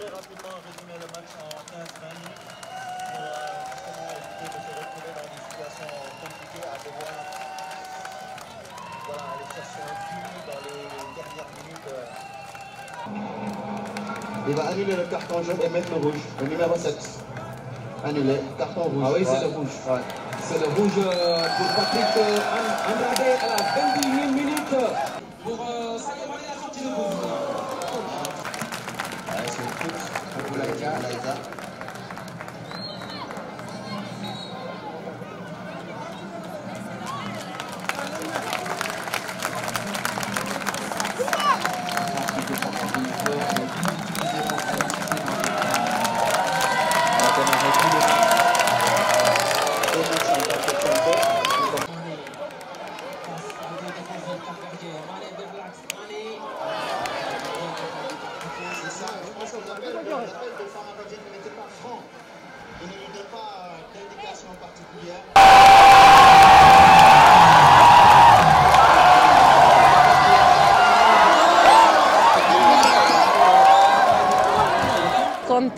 très rapidement résumer le match en 15 minutes pour euh, justement éviter de se retrouver dans une situation compliquée à devoir voilà, aller chercher un but dans les dernières minutes. Euh. Il va annuler le carton jaune et mettre le rouge, le numéro 7. Annulé, carton rouge. Ah oui, c'est ouais. le rouge. Ouais. C'est le rouge euh, pour Patrick Andrade à la 28 minutes. Pour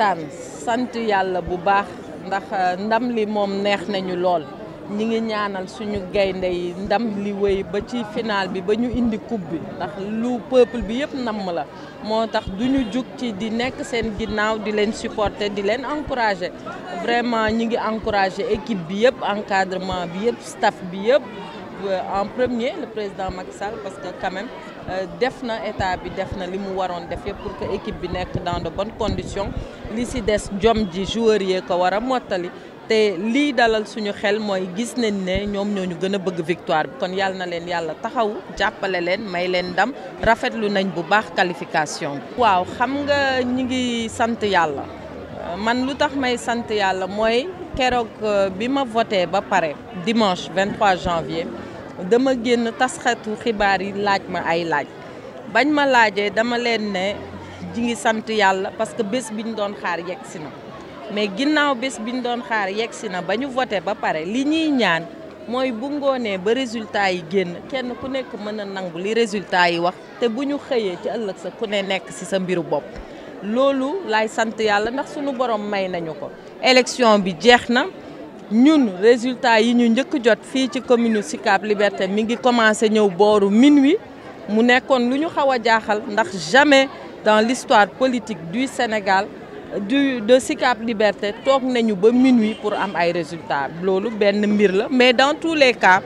kontaan sant yàlla bu baax ndax euh, ndam li moom neex nañu lool ñi ngi ñaanal suñu gaynde yi ndam li wéy ba ci finale bi ba ñu indi coupe bi ndax lu peuple bi yëpp namm la moo tax du ñu jug ci di nekk seen ginnaaw di leen supporter di leen encourager vraiment ñi ngi encourager équipe bi yëpp encadrement bi yëpp staff bi yëpp euh, en premier le président Macky Sall parce que quand Euh, def na état bi def na li mu waroon def yëpp pour que équipe bi nekk dans de bonnes conditions li si des jom ji joueurs yee ko war a mottali te lii dalal suñu xel mooy gis nañ ne ñoom ñoo ñu gën a bëgg victoire bi kon yàlla na leen yàlla taxaw jàppale leen may leen ndam rafetlu nañ bu baax qualification bi. waaw xam nga ñi ngi sant yàlla man lu tax may sant yàlla mooy keroog euh, bi ma voté ba pare dimanche 23 janvier. dama génn tasxatu xibaar yi laaj ma ay laaj bañ ma laajee dama leen ne ji ngi sant yàlla parce que bés bi ñu doon xaar yegg si na mais ginnaaw bés bi ñu doon xaar yegg si na ba ñu voté ba pare li ñuy ñaan mooy bu ngoonee ba résultat yi génn kenn ku nekk mën a nangu li résultat yi wax te bu ñu xëyee ci ëllëg sa ku ne nekk si sa mbiru bopp loolu laay sant yàlla ndax sunu borom may nañu ko élection bi jeex na ñun résultat yi ñu njëkk jot fii ci commune Sicap Liberté mi ngi commencé ñëw booru minuit mu nekkoon lu ñu xaw a jaaxal ndax jamais dans l'histoire politique du Sénégal du de Sicap Liberté toog nañu ba minuit pour am ay résultats loolu benn mbir la mais dans tous les cas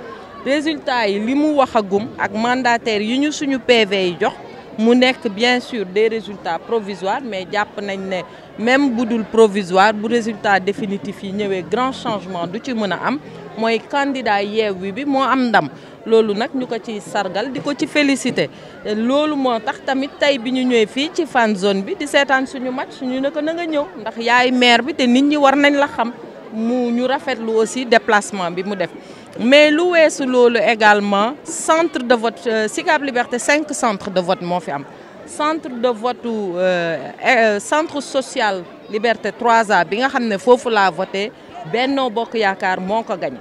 résultats yi li mu waxagum ak mandataire yi ñu suñu PV yi jox mu nekk bien sûr des résultats provisoires mais jàpp nañ ne même bu dul provisoire bu résultat définitif yi ñëwee grand changement du ci mën a am mooy candidat Yewwi bi moo am ndam loolu nag ñu ko ci sargal di ko ci félicité loolu moo tax tamit tey bi ñu ñëwee fii ci fan zone bi di seetaan suñu match ñu ne ko na nga ñëw ndax yaay maire bi te nit ñi war nañ la xam mu ñu rafetlu aussi déplacement bi mu def mais lu weesu loolu également centre de vote euh, Sicap Liberté cinq centre de vote moo fi am centre de vote euh, euh, centre social Liberté trois a bi nga xam ne foofu la voté Benno Bokk Yaakaar moo ko gagné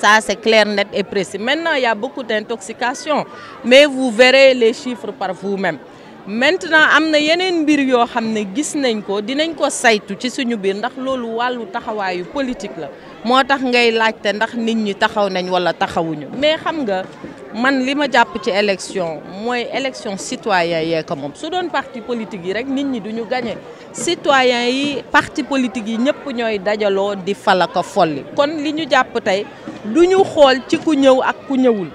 ça c'est clair net et précis maintenant il y a beaucoup d'intoxication mais vous verrez les chiffres par vous-même maintenant am na yeneen mbir yoo xam ne gis nañ ko dinañ ko saytu ci suñu biir ndax loolu wàllu taxawaayu politique la moo tax ngay laajte ndax nit ñi taxaw nañ walla taxawuñu mais xam nga man li ma jàpp ci élection mooy élection citoyen yee ko moom su doon parti politique yi rekk nit ñi duñu gañe citoyen yi parti politique yi ñëpp ñooy dajaloo di fala ko folli kon li ñu jàpp tey duñu xool ci ku ñëw ak ku ñëwul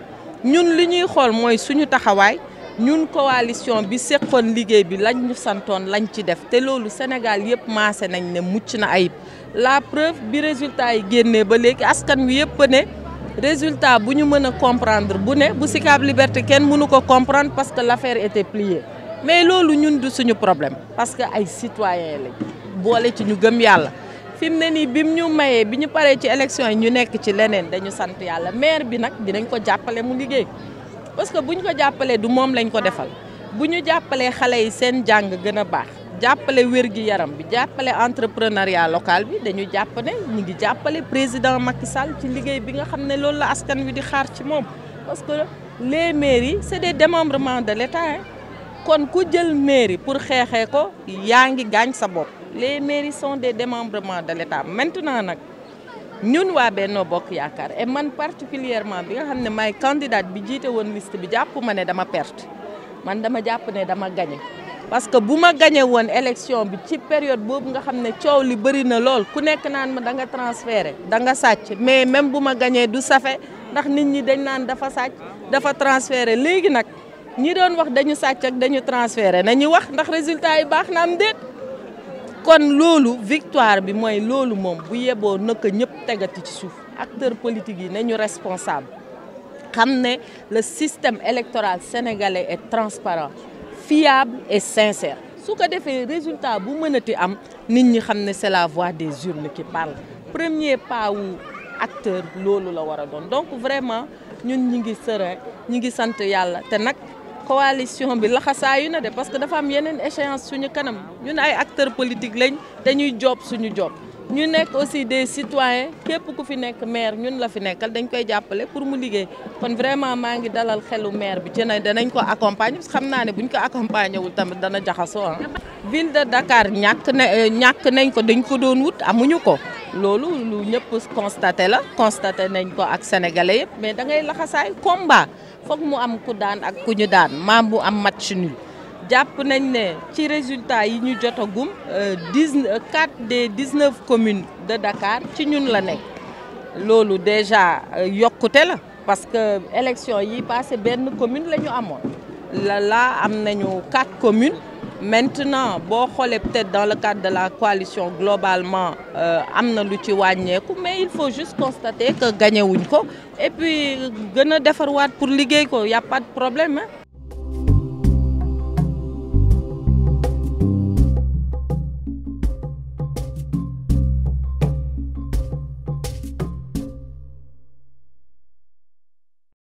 ñun li ñuy xool mooy suñu taxawaay ñun coalition bi seqoon liggéey bi lañ ñu santoon lañ ci def te loolu Sénégal yëpp maase nañ ne mucc na ayib la preuve bi résultat yi génnee ba léegi askan wi yëpp ne résultat bu ñu mën a comprendre bu ne bu Sicap Liberté kenn mënu ko comprendre parce que l'affaire était pliée mais loolu ñun du suñu problème parce que ay citoyens lañ boole ci ñu gëm yàlla fi mu ne nii bi mu ñu mayee bi ñu paree ci élection yi ñu nekk ci leneen dañu sant yàlla maire bi nag dinañ ko jàppale mu liggéey parce que bu ñu ko jàppalee du moom lañ ko defal bu ñu jàppalee xale yi seen jàng gën a baax jàppale wér gi yaram bi jàppale entrepreneuriat local bi dañu jàpp ne ñu ngi jàppale président Macky Sall ci liggéey bi nga xam ne loolu la askan wi di xaar ci moom parce que les mairies c'est des démembrements de l'État kon ku jël mairie pour xeexee ko yaa ngi gaañ sa bopp les mairies sont des démembrements de l'État maintenant nag ñun waa Benno Bokk Yaakaar et man particulièrement bi nga xam ne maay candidate bi jiite woon liste bi jàpp ma ne dama perte man dama jàpp ne dama gañe parce que bu ma gagné woon élection bi ci période boobu nga xam ne coow li bëri na lool ku nekk naan ma danga nga transféré da nga sàcc mais même bu ma gañee du safe ndax nit ñi dañ naan dafa sàcc dafa transféré léegi nag ñi doon wax dañu sàcc ak dañu transféré nañu wax ndax résultat yi baax na am déet kon loolu victoire bi mooy loolu moom bu yeboo nëkk ñëpp tegati ci suuf acteurs politiques yi nañu responsable xam ne le système électoral sénégalais est transparent fiable et sincère su ko defee résultat bu mënati am nit ñi xam ne c'est la voix des urnes qui parle premier pas wu acteur loolu la war a doon donc vraiment ñun ñi ngi serein ñi ngi sant yàlla te nag coalition bi laxasaayu na de parce que dafa am yeneen échéance suñu kanam ñun ay acteurs politiques lañ dañuy job suñu job ñu nekk aussi des citoyens képp ku fi nekk maire ñun la fi nekkal dañ koy jàppale pour mu liggéey kon vraiment maa ngi dalal xelu maire bi ci ne danañ ko accompagner parce que xam naa ne buñ ko accompagner wul tamit dana jaxasoo ah. ville de Dakar ñàkk na ñàkk nañ ko dañ ko doon wut amuñu ko. loolu lu ñëpp constaté la constaté nañ ko ak sénégalais yëpp mais da ngay laxasaay combat foog mu am ku daan ak ku ñu daan maam bu am match nul jàpp nañ ne ci résultat yi ñu jotagum euh, dix quatre des dix neuf communes de Dakar ci ñun la nekk loolu déjà euh, yokkute la parce que élection yi passé benn commune la ñu amoon la laa am nañu quatre communes maintenant boo xoolee peut dans le cadre de la coalition globalement euh, am na lu ci wàññeeku mais il faut juste constater que gagné wuñ ko et puis gën a defarwaat pour liggéey ko y a pas de problème hein